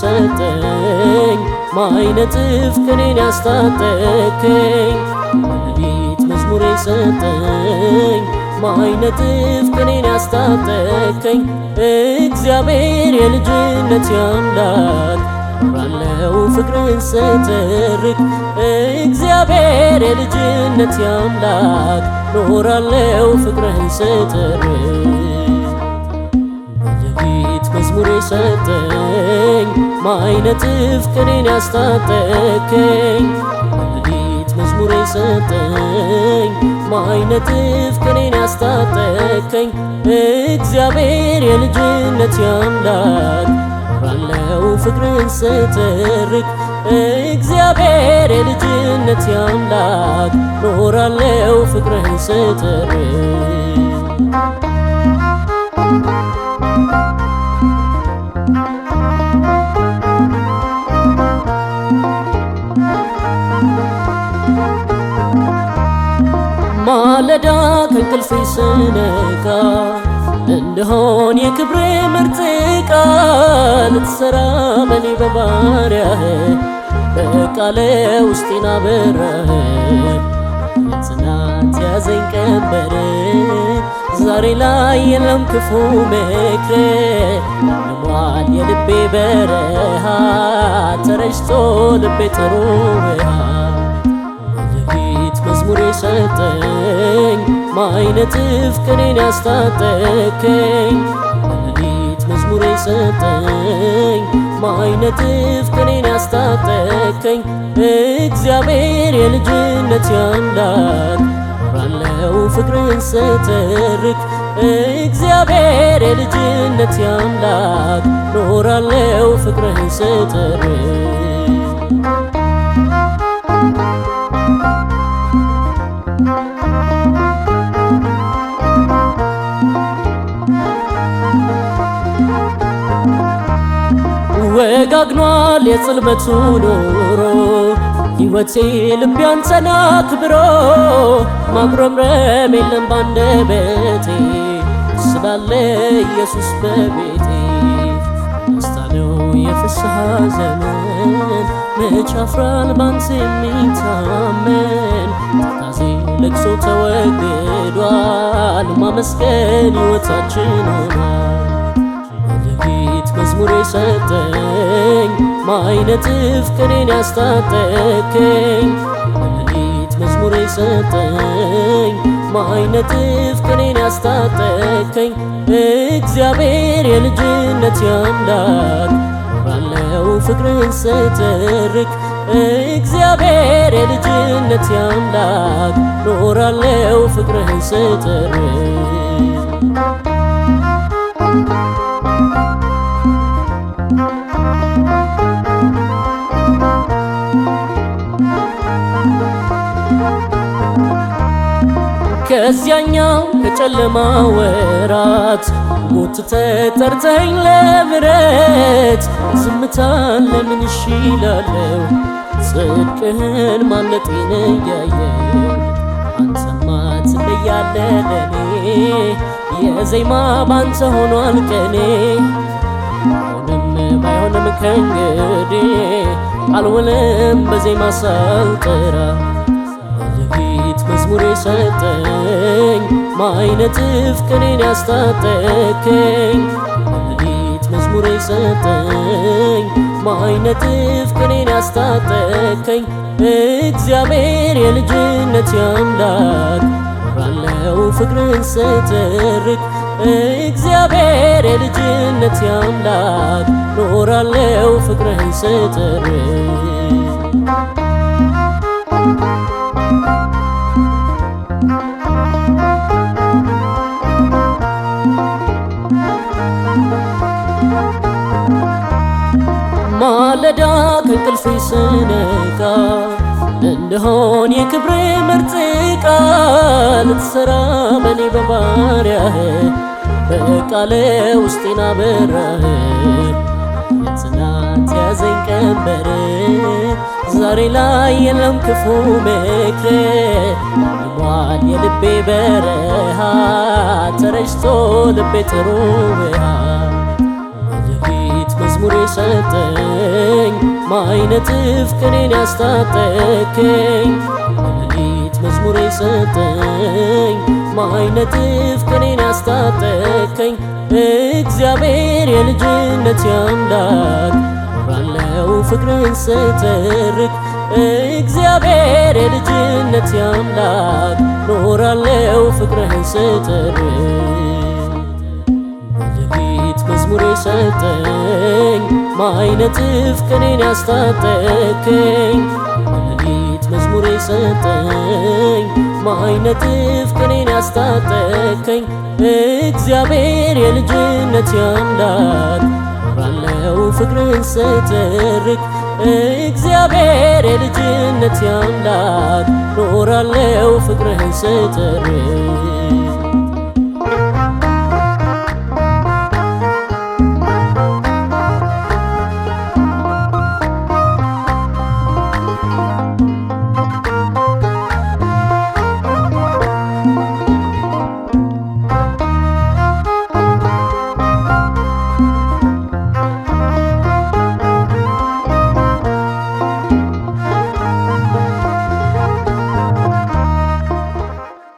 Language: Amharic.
ያሰጠኝ ማይነጥፍ ከኔን ያስታጠከኝ ሌሊት መዝሙሬ ሰጠኝ ማይነጥፍ ክኔን ያስታጠከኝ እግዚአብሔር የልጅነት ያምላክ ባለው ፍቅርን ስትርቅ እግዚአብሔር የልጅነት ያምላክ ኖራለው ፍቅርን ስትርቅ በሌሊት መዝሙሬ ሰጠኝ ማይነት ፍቅሬን ያስታጠከኝ ሌሊት መዝሙር የሰጠኝ ማይነት ፍቅሬን ያስታጠከኝ እግዚአብሔር የልጅነት ያምላክ ራለው ፍቅርን ስትርክ እግዚአብሔር የልጅነት ያምላክ ኖራለው ፍቅርን ስትርክ ማለዳ ከእንቅልፌ ስነቃ እንደሆን የክብሬ ምርጥ ዕቃ ልትሰራ በኔ በባሪያህ በቃለ ውስጤን አበራህ ጽናት ያዘኝ ቀንበር ዛሬ ላይ የለም ክፉ ምክር ልሟል የልቤ በረሃ ተረጭቶ ልቤ ጥሩ የሰጠኝ ማይነት ፍቅሬን ያስታጠከኝ ሌሊት መዝሙር የሰጠኝ ማይነት ፍቅሬን ያስታጠከኝ እግዚአብሔር የልጅነት ያምላክ ራለው ፍቅርን ስትርክ እግዚአብሔር የልጅነት ያምላክ ኖራለው ፍቅርህን ስትርክ ተናግኗል የጽልመቱ ኖሮ ሕይወቴ ልቢያን ያንተን አክብሮ ማጉረምረም የለም ባንደበቴ ስላለ ኢየሱስ በቤቴ ደስታ ነው የፍስሐ ዘመን መች ያፍራል ባንተ የሚታመን ትካዜ ለቅሶ ተወግዷል ማመስገን ሕይወታችን ሆኗል ለሌሊት መዝሙር የሰጠ ማይነት ፍቅሬን ያስታጠከኝ ሌሊት መዝሙር የሰጠኝ ማይነት ፍቅሬን ያስታጠከኝ እግዚአብሔር የልጅነት ያምላክ ባለው ፍቅርን ስትርክ እግዚአብሔር የልጅነት ያምላክ ኖራለው ፍቅርህን ስጥር ከዚያኛው ከጨለማ ወራት ጎትተ ጠርተኸኝ ለምሕረት ዝምታን ለምን እሺ እላለሁ ጽድቅህን ማምለጤን እያየሁ አንተማ ትለያለህ ለኔ የዜማ ባንተ ሆኗል ቀኔ ሆንም ባይሆንም ከእንግዲህ አልውልም በዜማ ሳልጠራ መዝሙር የሰጠኝ ማይነት ፍቅሬን ያስታጠከኝ ሌሊት መዝሙር የሰጠኝ ማይነት ፍቅሬን ያስታጠከኝ እግዚአብሔር የልጅነት ያምላክ ራለው ፍቅርን ስትርክ እግዚአብሔር የልጅነት ያምላክ ኖራለው ፍቅርህን ስጥር ማለዳ ከእንቅልፌ ስነቃ እንደሆን የክብሬ ምርጥ ቃል ልትሰራ በኔ በባሪያህ በቃለ ውስጤና በራህ የያዘኝ ቀንበር ዛሬ ላይ የለም ክፉ ምክር ሟል የልቤ በረሃ ተረጭቶ ልቤ ጥሩ ውሃ ለዳዊት መዝሙር የሰጠኝ ማይነት ፍቅሬን ያስታጠከኝ ለዳዊት መዝሙር የሰጠኝ ማይነትፍ ፍቅሬን ያስታጠከኝ እግዚአብሔር የልጅነት ያምላክ አለው ፍቅርን ስትርክ እግዚአብሔር የልጅነት ያምላክ ኖራለው ፍቅርህን ስትርክ በሌሊት መዝሙር የሰጠኝ ማይነጥፍ ቀኔን ያስታጠከኝ በሌሊት መዝሙሬ የሰጠኝ ማይነጥፍ ቀኔን ያስታጠከኝ እግዚአብሔር የልጅነት ያምላክ ኖራለው ፍቅርን ስትርክ እግዚአብሔር የልጅነት ያምላክ ኖራለው ፍቅርህን ስትርክ